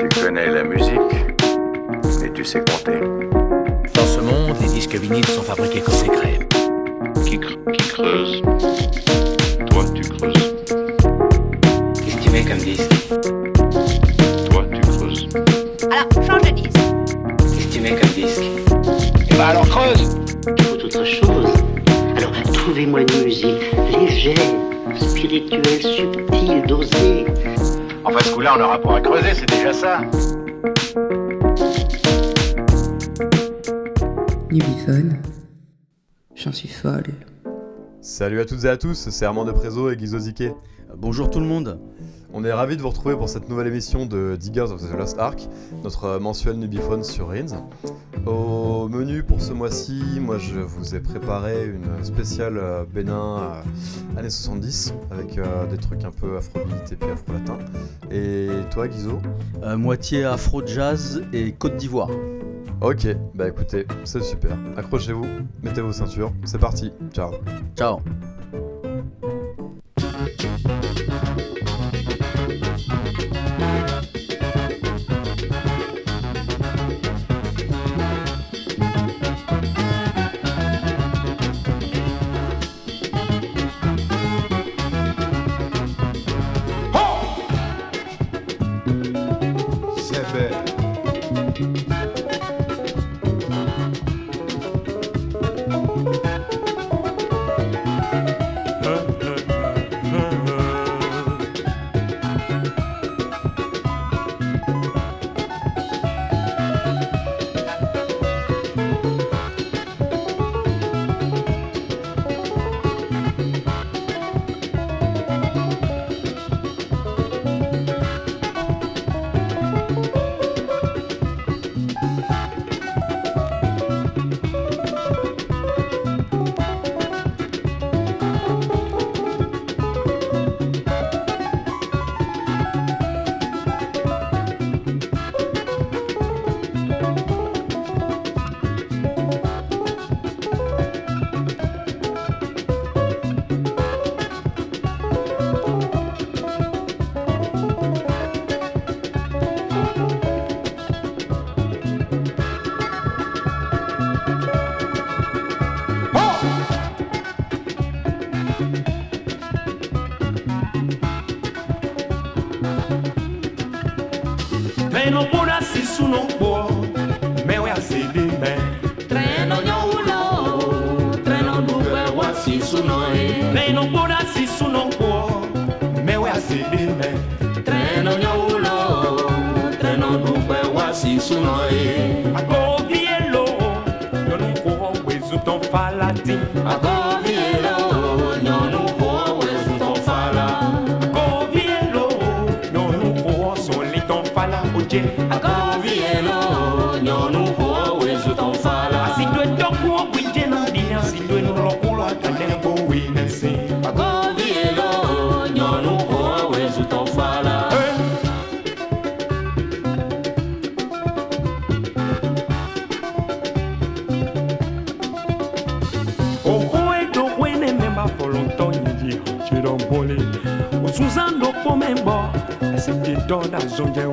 Tu connais la musique et tu sais compter. Dans ce monde, les disques vinyles sont fabriqués comme des crèmes. Qui, creuse Toi, tu creuses. Qu'est-ce que tu mets comme disque Toi, tu creuses. Alors, change de disque. Qu'est-ce que tu mets comme disque Eh ben alors, creuse Il faut autre chose. Alors, trouvez-moi une musique légère, spirituelle, subtile, dosée. Enfin, ce coup-là, on aura pour à creuser, c'est déjà ça. Nubiphone, j'en suis folle. Salut à toutes et à tous, c'est Armand de Prézo et Gizoziké. Bonjour tout le monde. On est ravis de vous retrouver pour cette nouvelle émission de Diggers of the Last Ark, notre euh, mensuel Nubiphone sur Rins. Au menu pour ce mois-ci, moi je vous ai préparé une spéciale euh, Bénin euh, années 70 avec des trucs un peu afrobeat et afro-latin. Et toi Guizot Moitié afro-jazz et Côte d'Ivoire. Ok, bah écoutez, c'est super. Accrochez-vous, mettez vos ceintures, c'est parti, ciao. Ciao.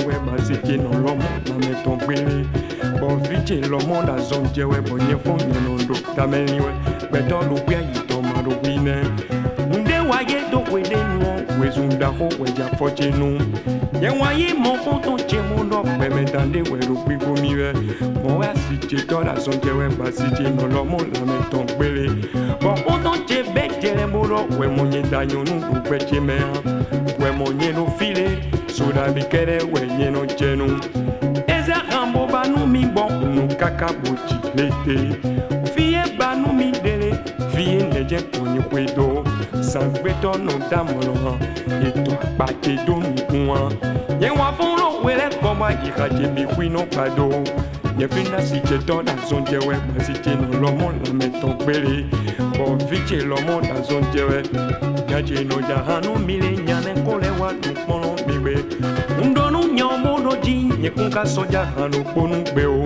jẹwẹ bazeke nɔ lɔmɔ lãmetɔ gbele bɔ vitse lɔmɔ dazɔ jẹwɛ bɔ nyɛfɔ nyɛnɔ do tameliwɛ gbɛtɔ ɖokuia yitɔ maɖokui nɛ ŋde wa ye do koe ɖe nuɔ wezundaxɔ wɛdzafɔtse nu yẹwɔ ye mɔkɔtɔ tse mo nɔ gbɛmɛta ɖe wɛɖokui gomi wɛ mɔwɛ asitse tɔ dazɔ jẹwɛ bazeke nɔ lɔmɔ lãmetɔ gbele bɔ kɔtɔ tse bɛ jɛlɛ mo rɔ wɛmɔnyedanyɔnu ɖogbɛtse mɛ hã file. sodalikɛlɛ wɛ ɲɛnɔjɛnu eza hambo banu mi bɔ unu kaka boji lete fiye banu mi dele fiye nɛjɛ konyikoe do sangbetɔ nɔ damɔlɔ eto akpate do nukuwa nyɛwa fɔlɔ wele kɔba ihadze mi huinɔ kado nyefina si dzetɔ na zɔnjɛwɛ masitse nɔ lɔmɔ lamɛtɔ gbele bɔvitse lɔmɔ na zɔnjɛwɛ nyadze nɔ dzahanu mi gbe ndɔnu nyɔmono dzi nye kun ka sɔdza hanu kponu gbe o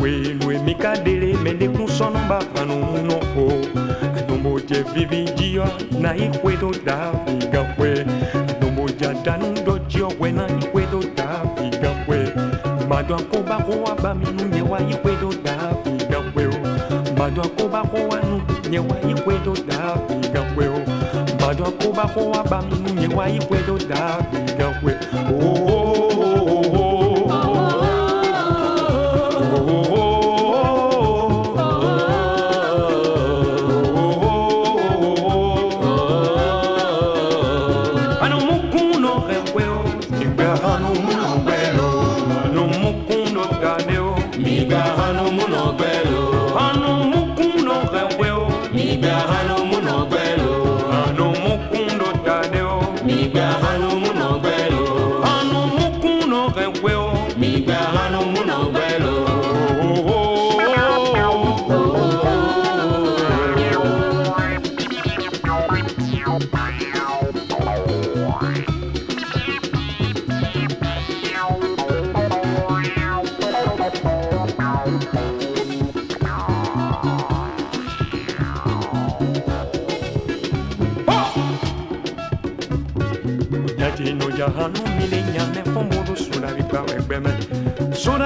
wenue mi ka dele mɛ sɔnu ba hanu munɔ o anomodze vivi dziɔ na yi do da fi gaxoe anomodza danu dɔ dziɔ wɛ na yi do da fi gaxoe akoba ko wa ba nu nye wa yi do da fi gaxoe o madɔ akoba ko wa nu nye wa yi do da fi o wadwa kuba kwa bami nunye wa ikwe do davi gakwe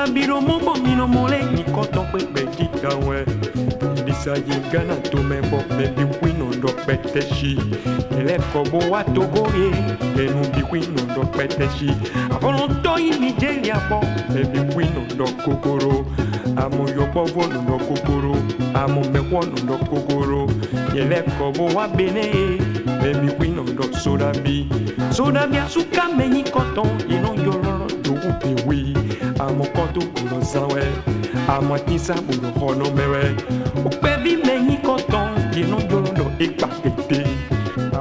na bino mobomino molengi koto mpe bedika we bisayinga na tumembo mebikwinondo kpeteshi elekobowa togoye enubikwinondo kpeteshi avolontoi nijeliabo mebikwinondo kokoro amoyobovonondo kokoro amomekwonondo kokoro elekobowa beneye mebikwinondo sodabi sodabi asuka ni koto inonjololo kupe we amokoto kulozan we amakisa boloxɔnɔmɛ mewe, ukpɛvi mɛnyi kɔtɔn yenɔ jolɔndɔ ekpa kete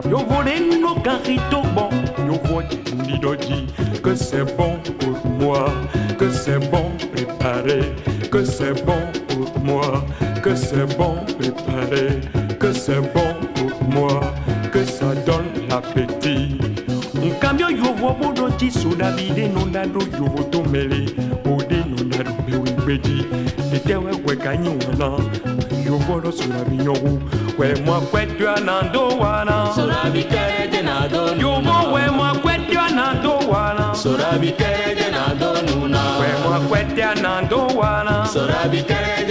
yovo le nuno gari bon, yovo di dɔ dzi que c'est bon pour moi que c'est bon préparé que c'est bon pour moi que c'est bon préparé sodavide nɔna ɖo ode oɖe nɔna ɖo mewugbedzi tete wɛwɛ ganyi wɔna yovo ɖɔ sodavi nyɔwu wɛmɔ kwɛtɔa na do wana sodavi kɛrɛ de na do nuna yovo wɛmɔ kwɛtɔa na do wana sodavi kɛrɛ de na do nuna wɛmɔ kwɛtɔa na do wana sodavi kɛrɛ de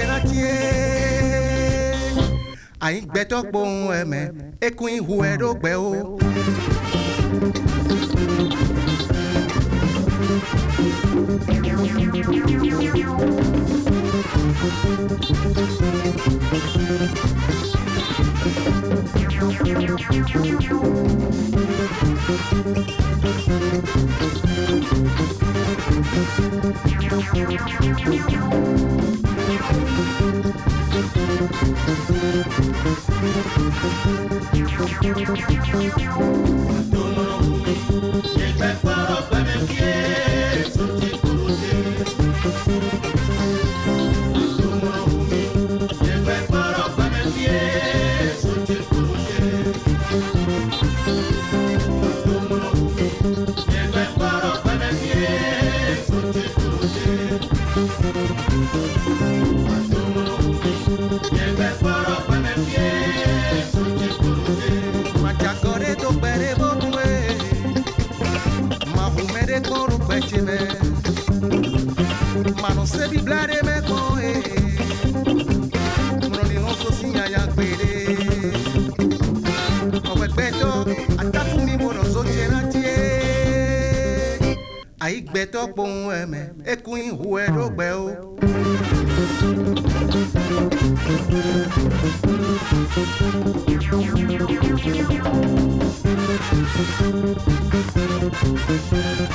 I rántí better, àyíngbẹ́tọ́ gbohun ẹ̀mẹ́ ekun ihu o. Thank you. Thank you. àìgbẹ́tọ́ àtàkùn mi mo rọ̀ṣọ́ jẹ rántí ẹ́ àìgbẹ́tọ́ pohùn ẹ̀mẹ́ ekun ìhù ẹ̀ ló gbẹ o. Thank you.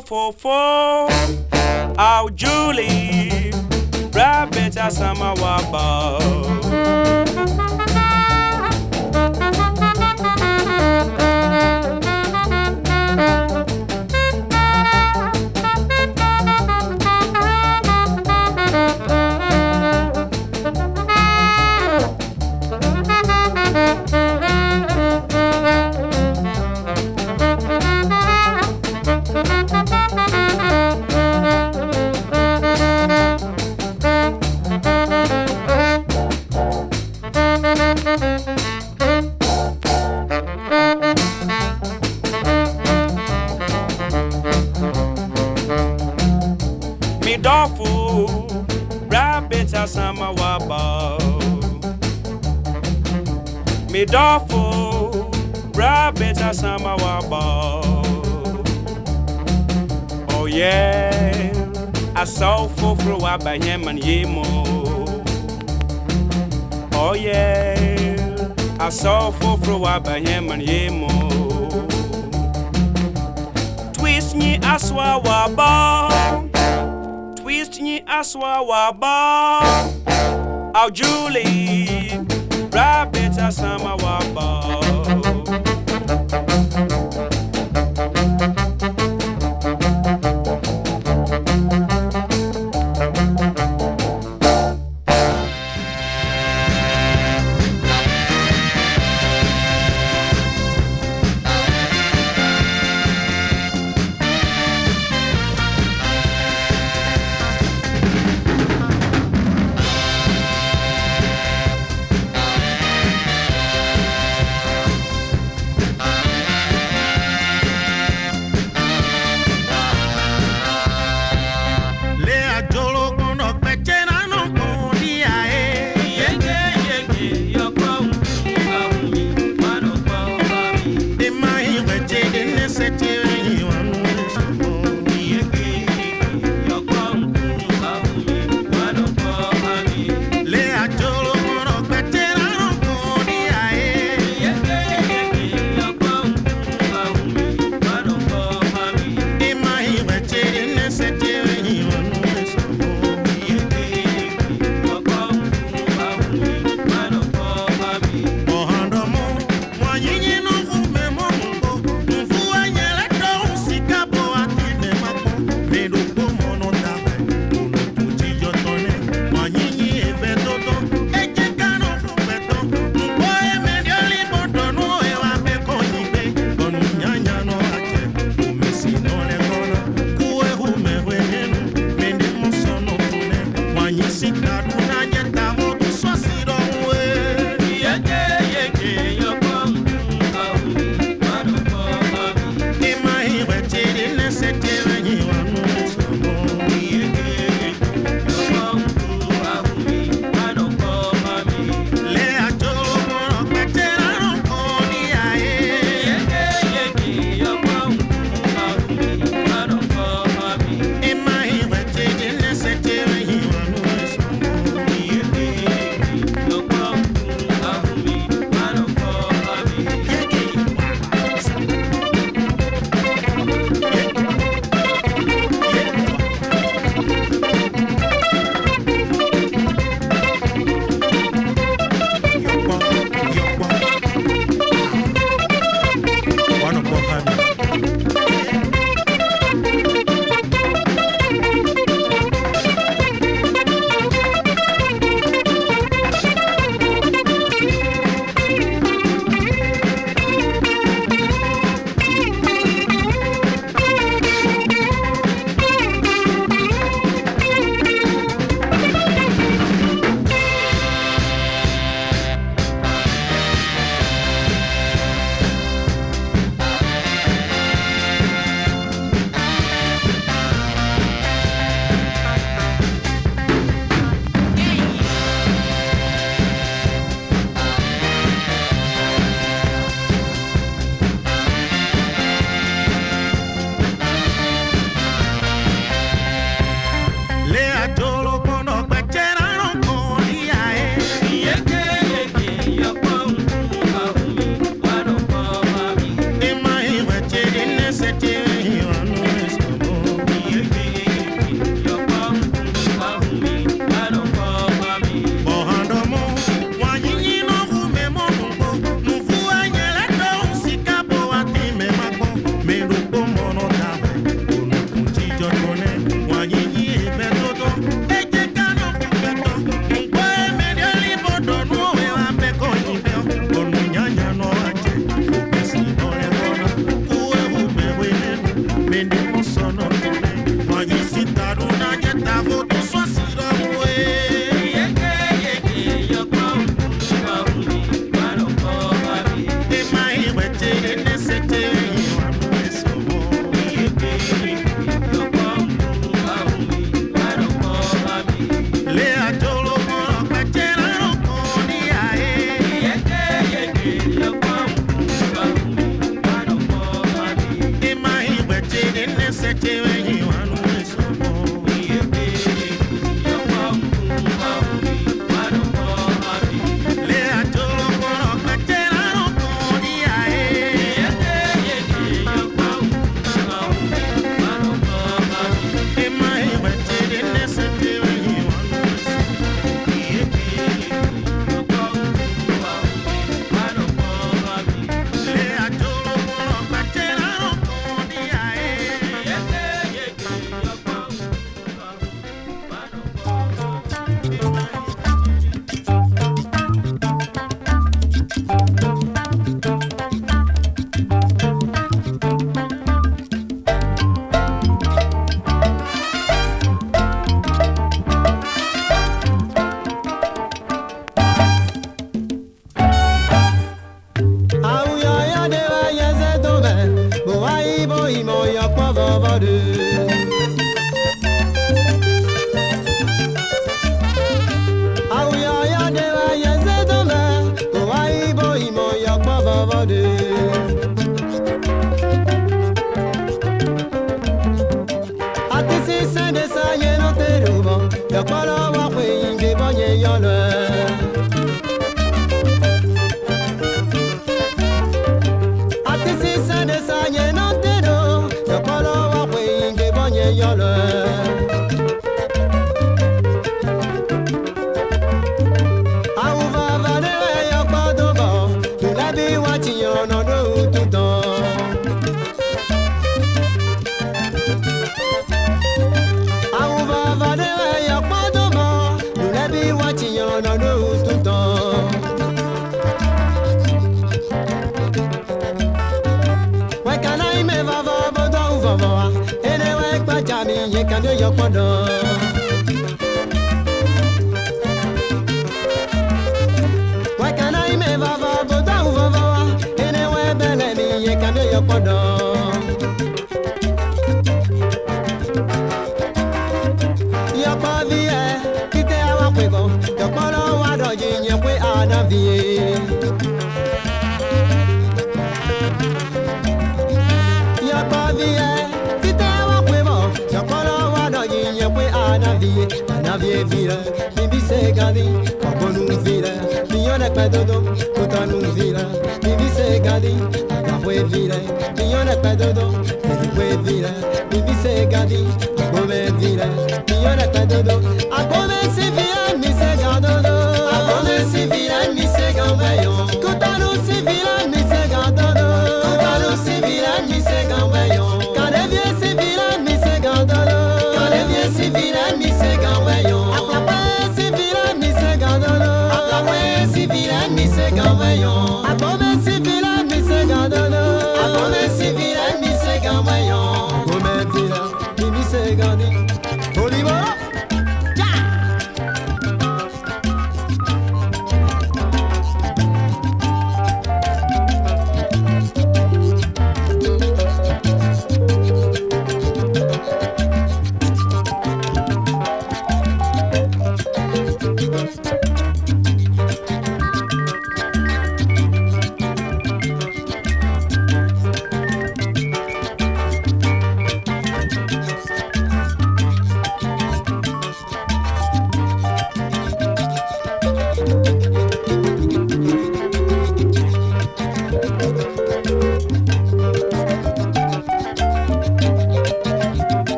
four.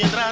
piedra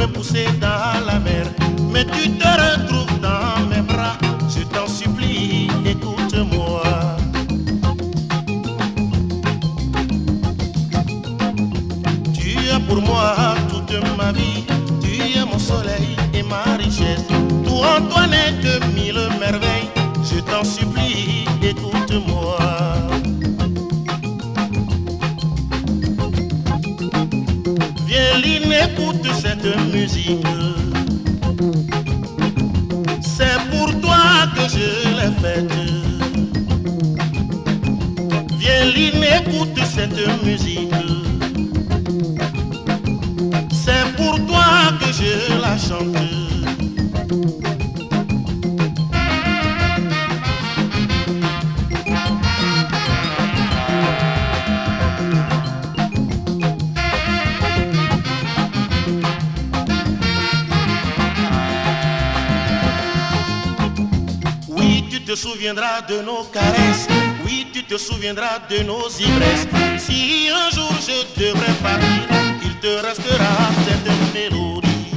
me pousser dans la mer, mais tu te retrouves dans mes bras. Je t'en supplie, écoute-moi. Tu es pour moi toute ma vie, tu es mon soleil et ma richesse. Tout Antoine que de écoute cette musique. C'est pour toi que je l'ai faite. Viens, Lynn, écoute cette musique. C'est pour toi que je la chante. de nos caresses, oui tu te souviendras de nos ivresses. Si un jour je devrais partir, il te restera cette mélodie.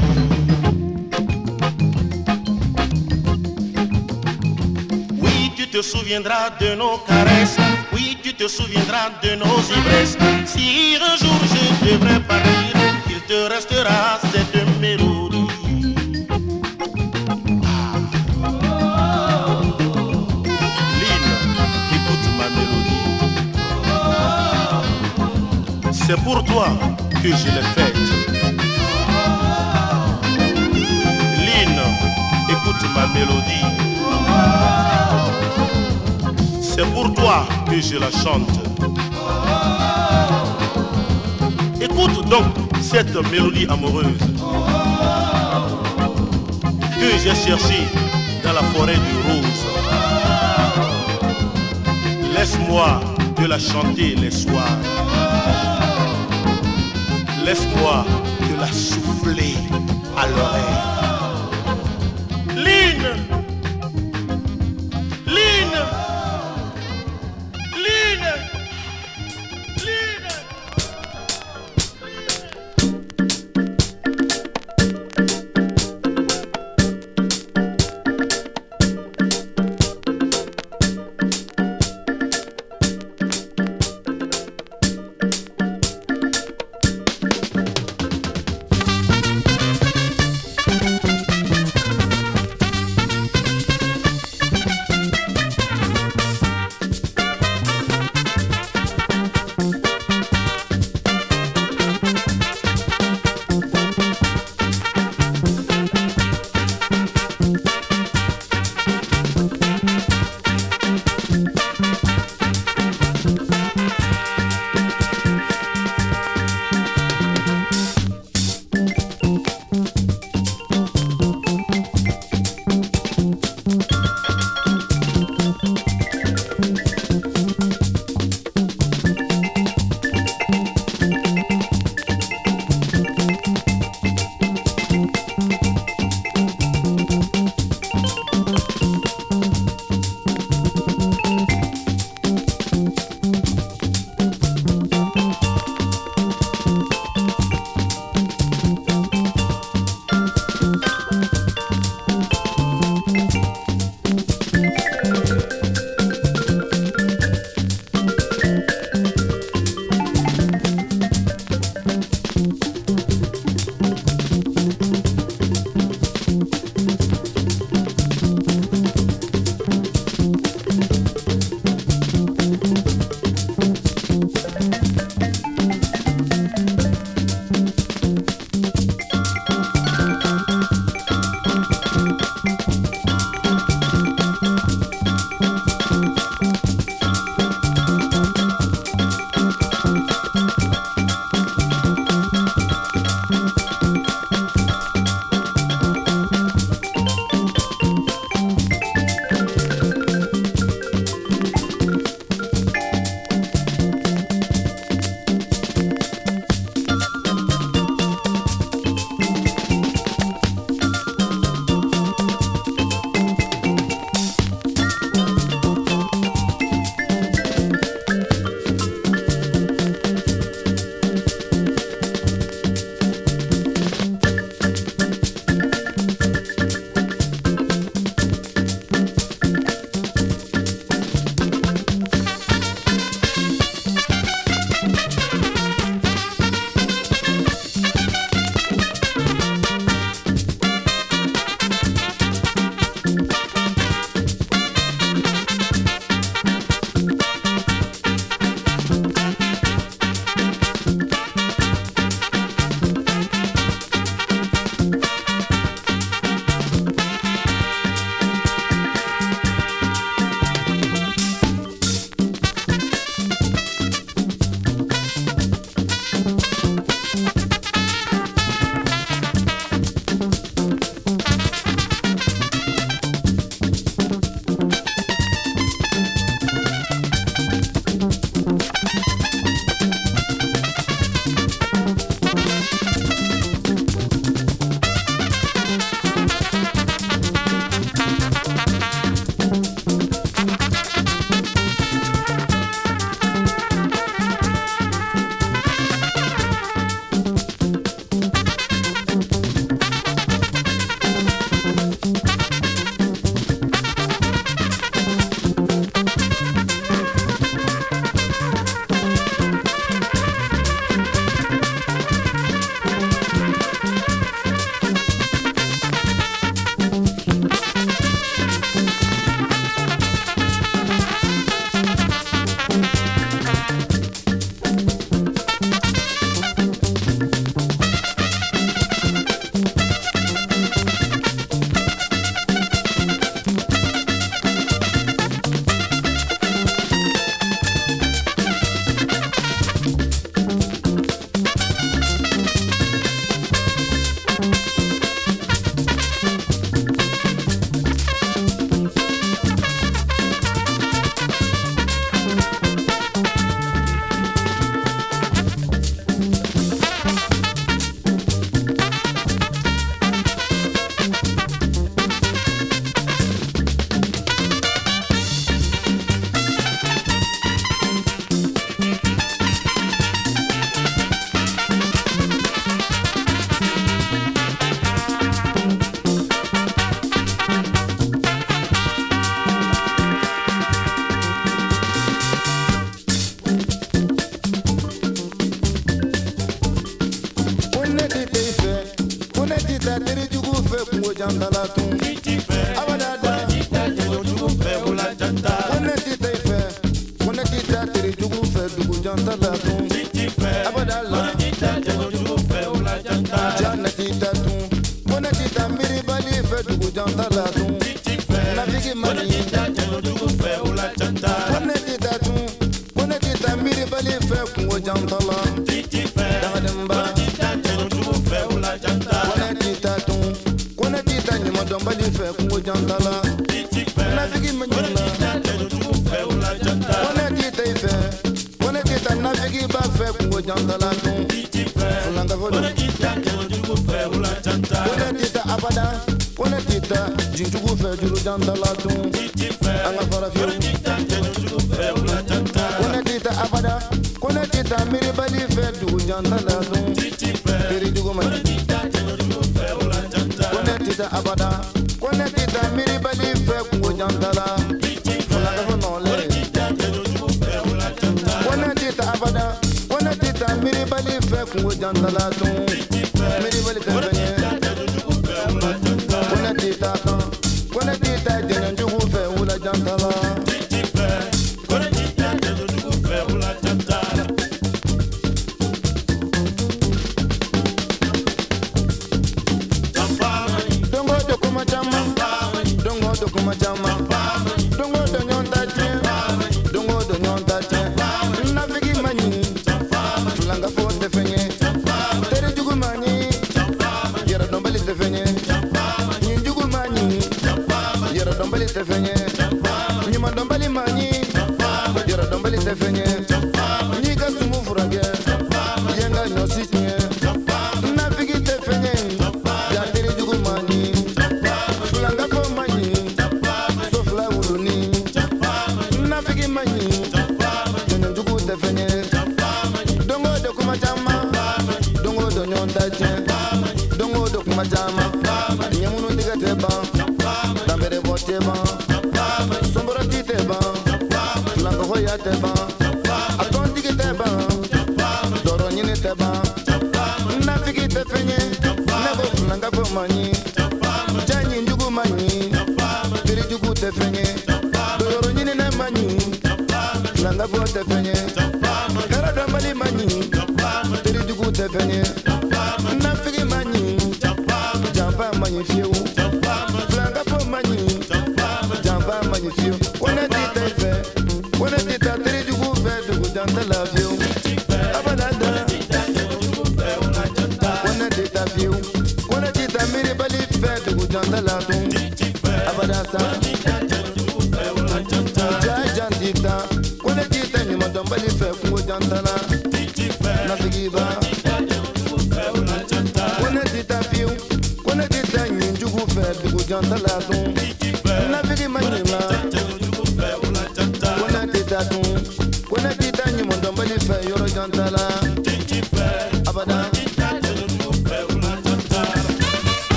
Oui tu te souviendras de nos caresses, oui tu te souviendras de nos ivresses. Si un jour je devrais partir, il te restera cette c'est pour toi que je l'ai faite. Lynn, écoute ma mélodie. C'est pour toi que je la chante. Écoute donc cette mélodie amoureuse que j'ai cherchée dans la forêt du rose. Laisse-moi te la chanter les soirs lève-moi de la souffler à l'oreille.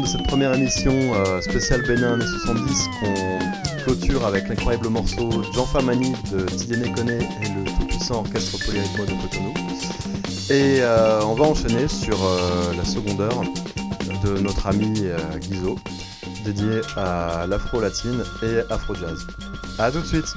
de cette première émission euh, spéciale Bénin années 70 qu'on clôture avec l'incroyable morceau Jean Famani de Didier Kone et le tout-puissant orchestre polyrythmo de Cotonou. Et euh, on va enchaîner sur euh, la seconde heure de notre ami Guizot, dédié à l'afro-latine et afro-jazz. A tout de suite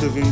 tu vim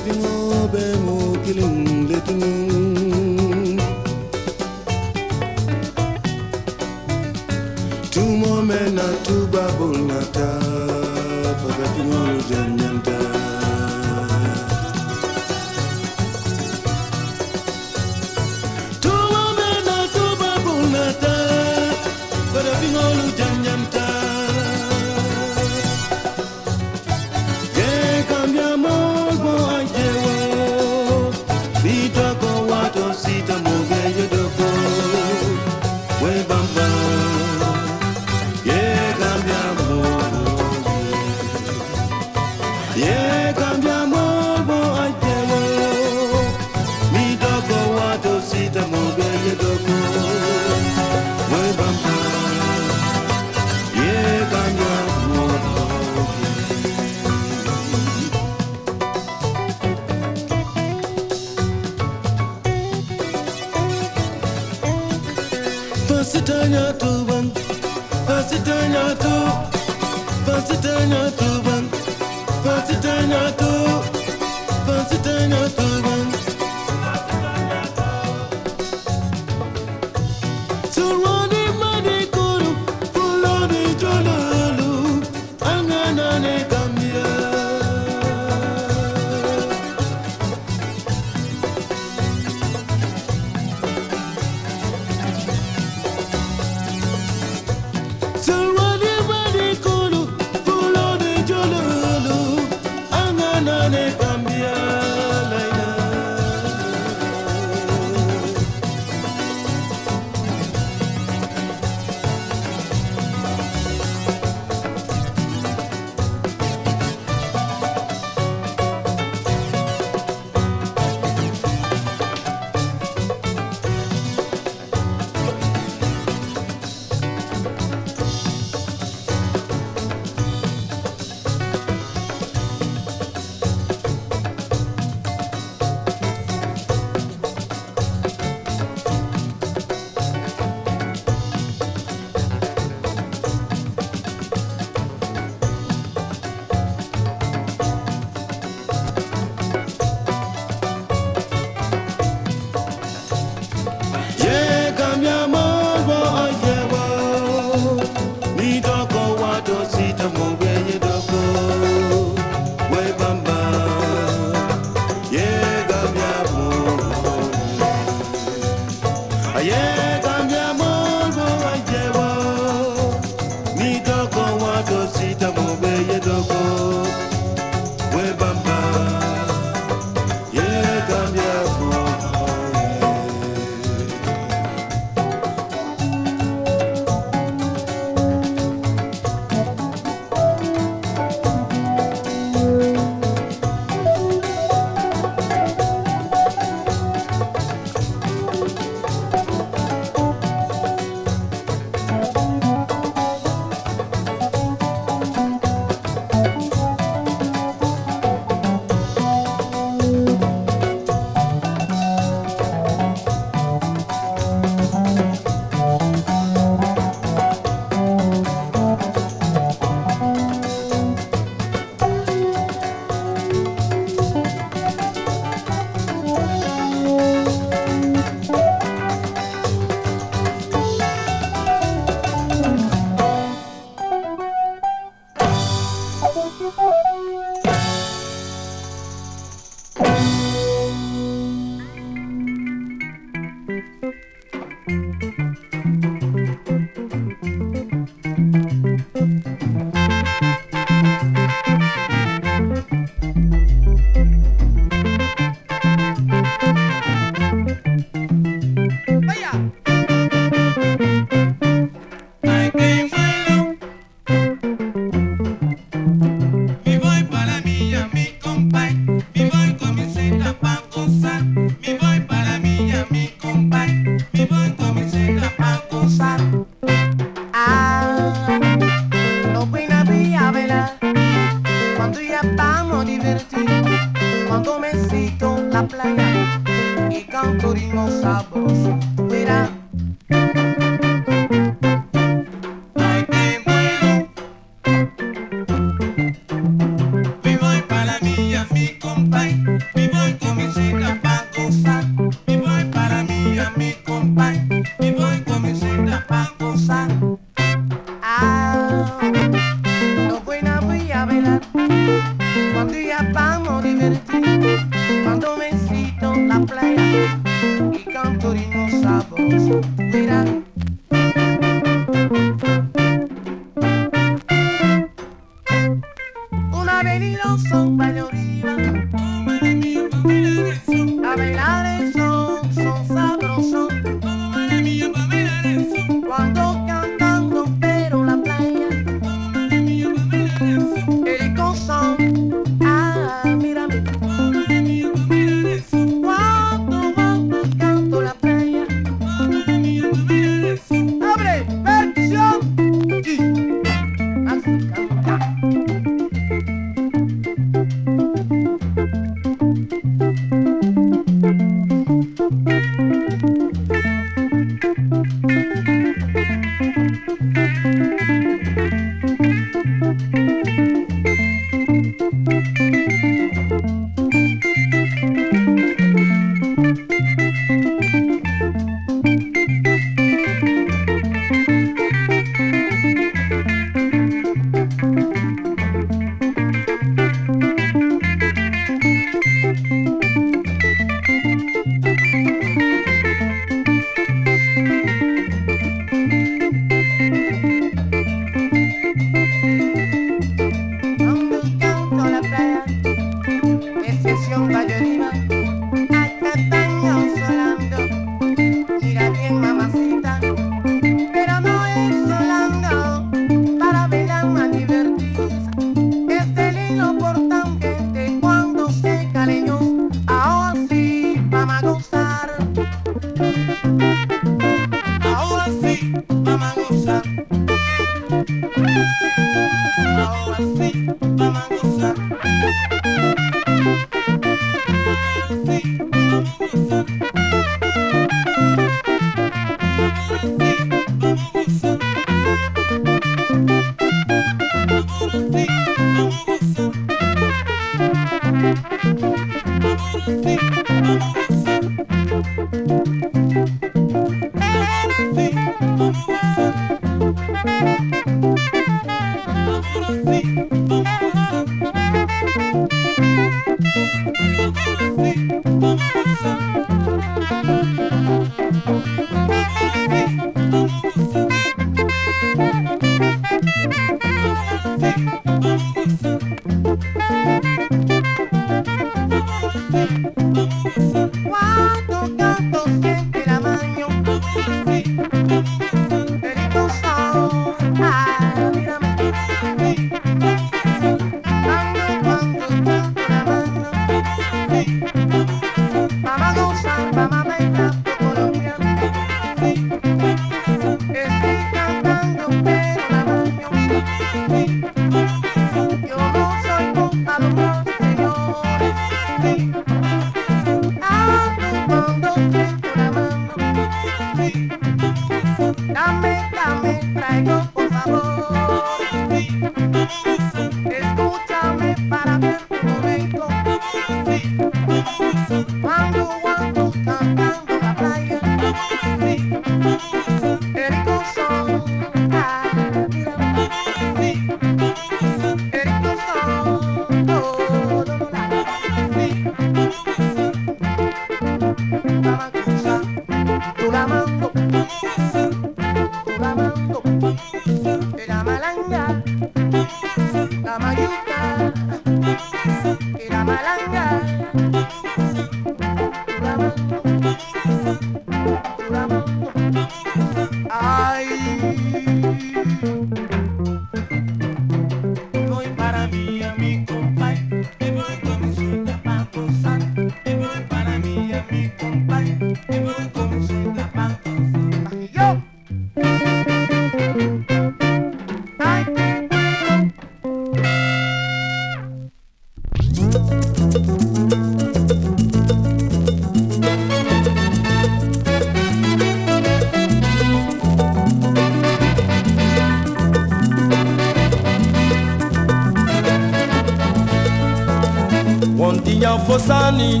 agabori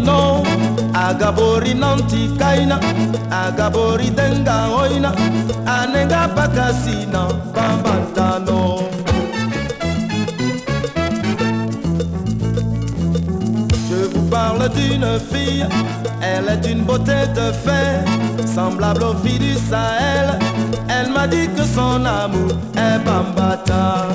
agabori anenga Je vous parle d'une fille, elle est une beauté de fer, semblable aux filles du Sahel. Elle m'a dit que son amour est bambata.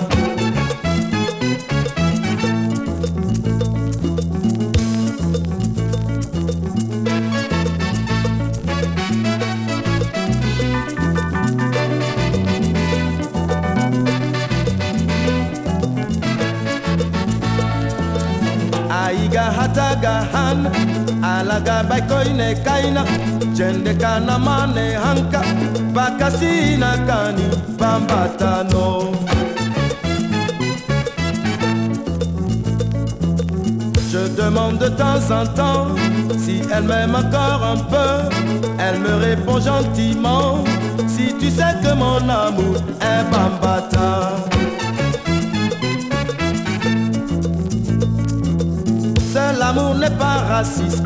Je demande de temps en temps si elle m'aime encore un peu. Elle me répond gentiment si tu sais que mon amour est bambata. l'amour n'est pas raciste,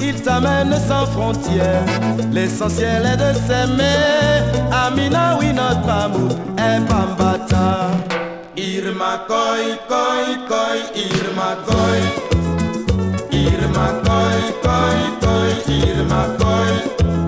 il t'amène sans frontières. L'essentiel est de s'aimer. Amina, oui, notre amour est Bambata. Irma koi, koi, koi, Irma koi. Irma koi, koi, koi, Irma koi.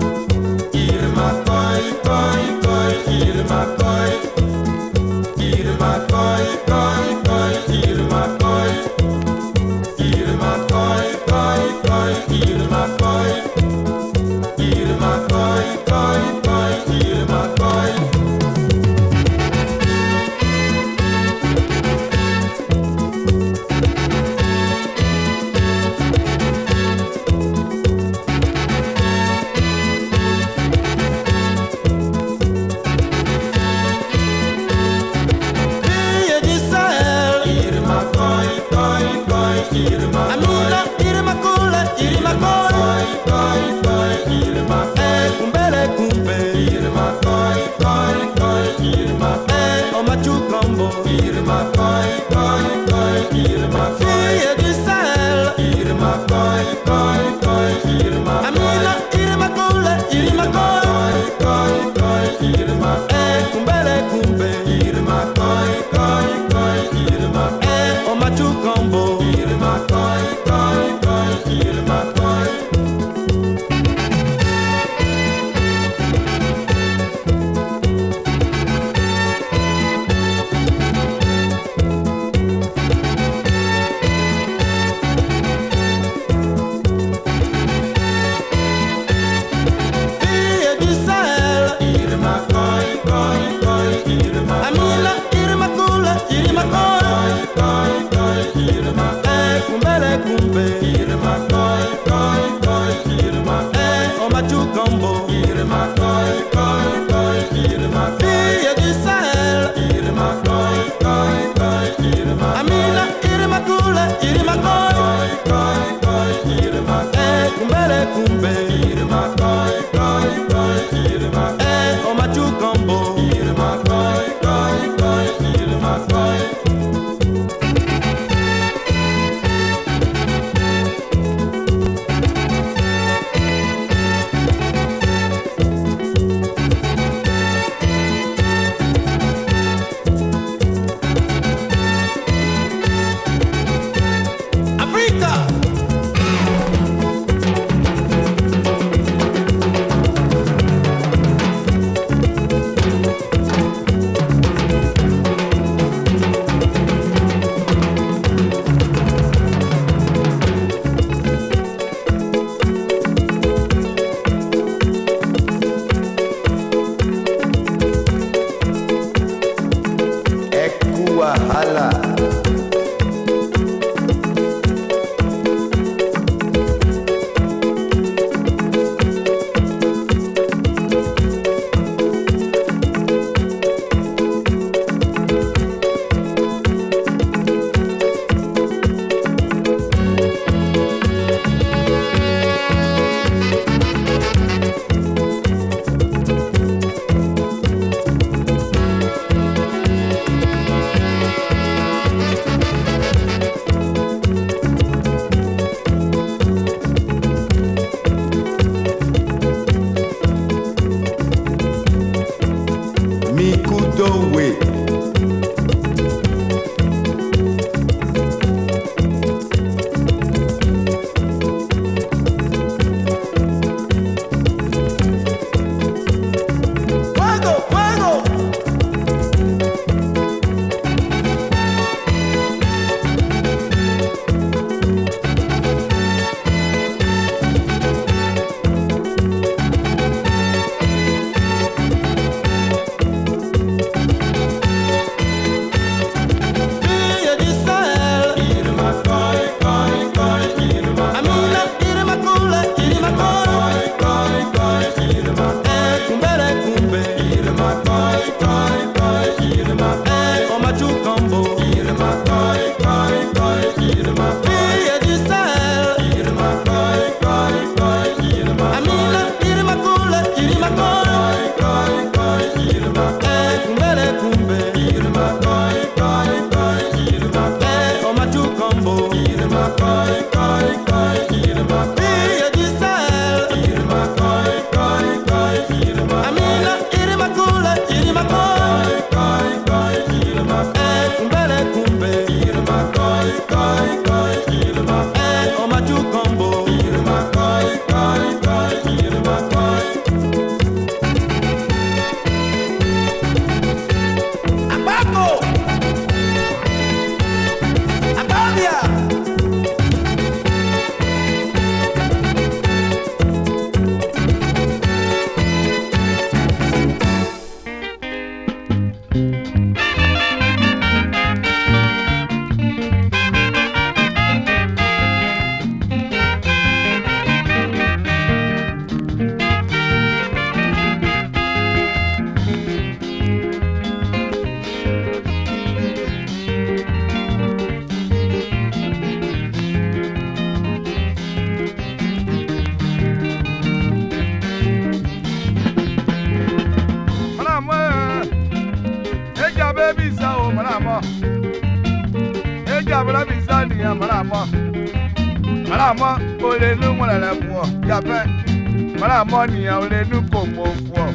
mọnìyàn ò lè nú kò mọ fún ọ.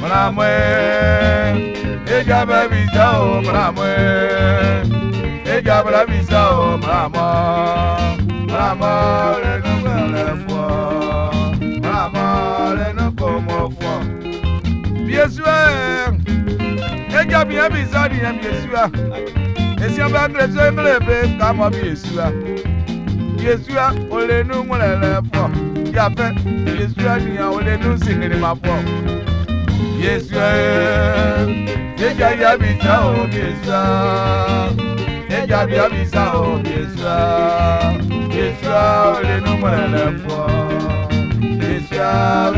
Mọ̀nàmọ́ ẹ́ ẹja bẹ́ẹ̀ bí sá o mọ̀nàmọ́ ẹ́ ẹja bẹ́ẹ̀ bí sá o mọ̀nàmọ́ mọ̀nàmọ́ lè nú kò lè fún ọ. Mọ̀nàmọ́ lè nú kò mọ fún ọ. Bíyèsí ẹ̀ ẹja bìyẹn bí sá nìyẹn bíyèsí wa esi ɔbɛ adresi emele be kamɔ bi yesua yesua ole nu ŋlɛ lɛ da fẹ́ Jésù ènìyàn ò lè nú sí kiri máa fọ́. Jésù ẹ̀ jẹjẹ yabi sa o Jésù jẹjẹ yabi sa o Jésù Jésù ò lè nú mọ̀lẹ́lẹ́ fọ́ Jésù.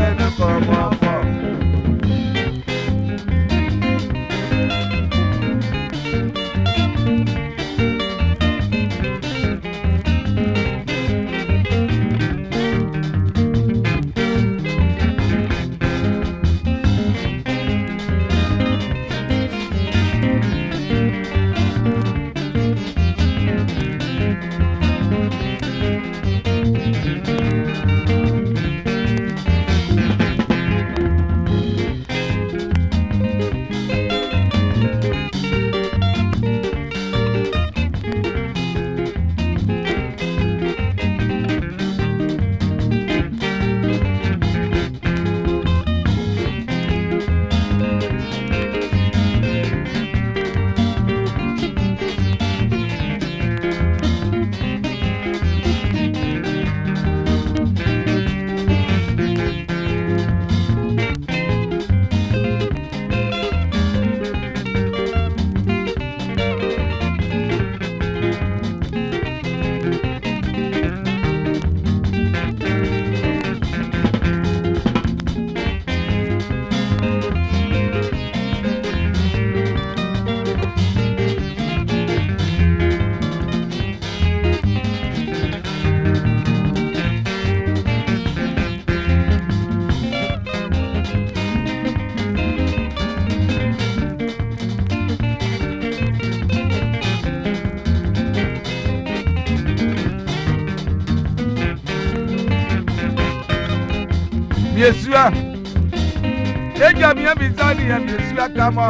ebi sani ẹbi esu aka mọ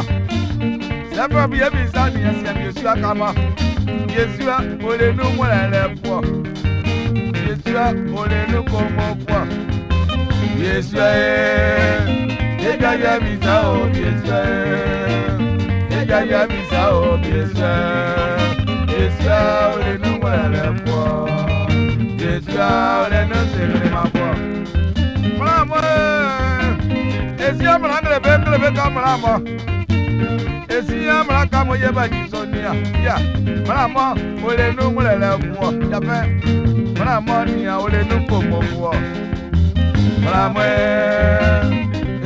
sẹfọ bi ebi sani ẹsi ẹbi esu aka mọ yesua ole nu mu lẹlẹ pọ yesua ole nu ko mo pọ yesua eh. ye yedza yẹ mi sa o yesua eh. ye yedza yẹ mi sa o yesua eh. yesua ole nu mu lẹlẹ pọ yesua ole nu sèrè ma pọ. Mama! esi amara ndere be ndere be ka mara mo esi amara ka mo ye ba ji so ni ya ya mara mo o le nu ngule le wo ya fe mara mo ni ya o le nu ko mo wo mara mo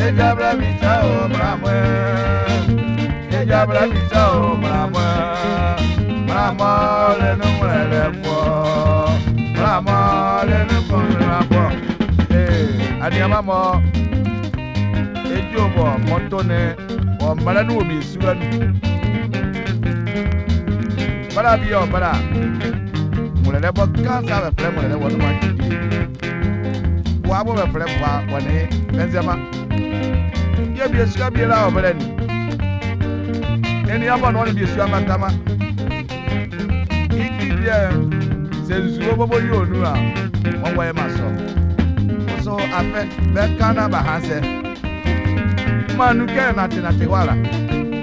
e ja bra mi sa o mara mo e ja bra mi sa o mara mo mara mo o le nu ngule le wo mara mo o le nu ko mo wo eh adiama mo radio bɔ mɔtɔnɛ bɔ mbala ni omi sura nu bala bi yɔ bala ŋmɛlɛ bɔ gansa bɛ filɛ ŋmɛlɛ wɔ numa ti di wa bɔ bɛ filɛ fa wɔ ni bɛnzɛma yɛ bi esua bi la wɔ bɛlɛ ni ɛni yabɔ nɔ ni bi esua ma tama iki biɛ sɛnsuwo bɔbɔ yi onu a wɔn wɔ yɛ ma sɔ wosɔ afɛ bɛ kana ba ha manu kɛ nate nate wala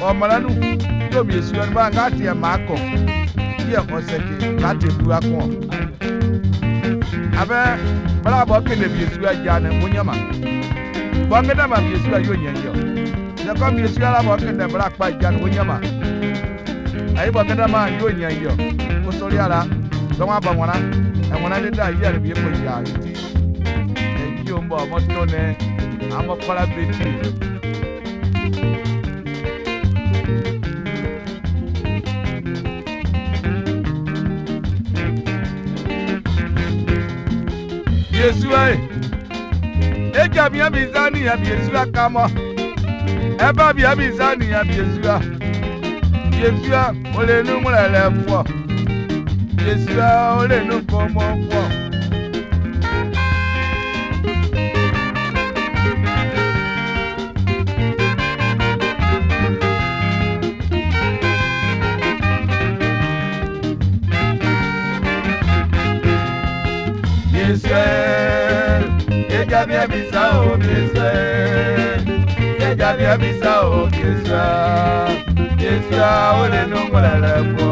ɔmɔla nu yóò mi esi lɔnu báyìí káàtì ẹ̀ máa kọ̀ kí ẹ̀ kọ́ sẹ́kì láti èbúrú akọ̀ abẹ́ bálábọ̀ kéde mi esi lɔ dza nẹ múnyẹ́mà bọ́ngẹ́dẹ́ ma mi esi lɔ yóò yẹn yọ sẹ́kọ́ mi esi lɔ alábọ̀ kéde mi lakpa dza nẹ múnyẹ́mà ayi bọ́ngẹ́dẹ́ ma yóò yẹn yọ kó sọ́rí ara lọ́wọ́ abàwọ̀nà ẹ̀wọ̀nà dídá yíyá rẹ̀ bí ekò dza yìí ti èyí yóò ń bọ̀ ọmọ I'm a collaborative. Yesua e Eja bia mizani ya Yesua kama Eba bia mizani ya Yesua Yesua ole nu mulele fo Yesua ole nu komo fo biabisa o oh, biesa seja biabisa o oh, biesa biesa o oh, le nungo la la po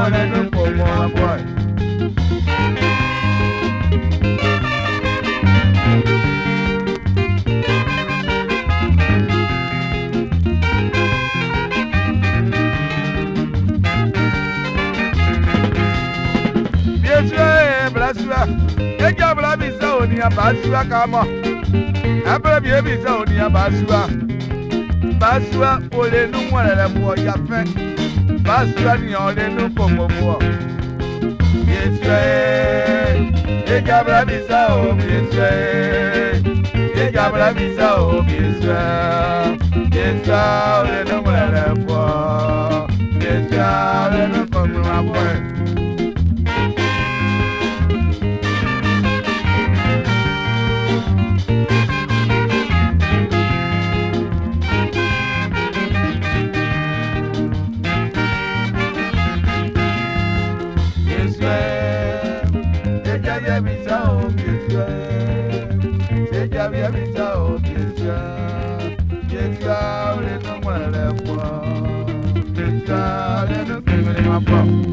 o le nungo mo boy. basua ka mɔ abere bi ebi sɛ onia basua basua le nu ŋmɔlɛ le moɔ yafɛ basua nia wòle nu kpɔmɔmɔ yesue yedzabla bi sa o yesue yedzabla bi sa o yesue yesua wòle nu ŋmɔlɛ le moɔ yesua wòle nu kpɔmɔmɔ. my bro.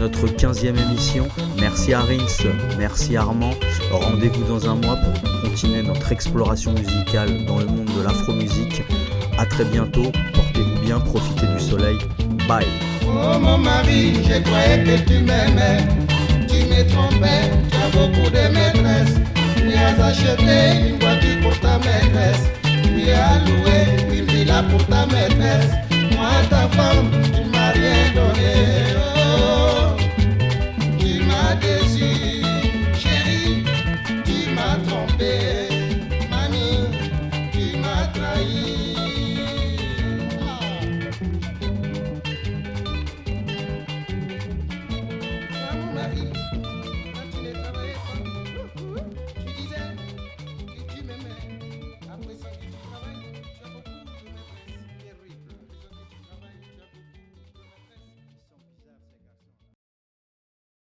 notre 15e émission. Merci à Rins, merci Armand. Rendez-vous dans un mois pour continuer notre exploration musicale dans le monde de l'afro-musique. A très bientôt, portez-vous bien, profitez du soleil. Bye. Oh mon mari, je croyais que tu m'aimais, tu m'es trompé, tu beaucoup de maîtresses. Tu pour ta maîtresse, tu pour ta maîtresse. Moi, ta femme, tu m'as rien donné.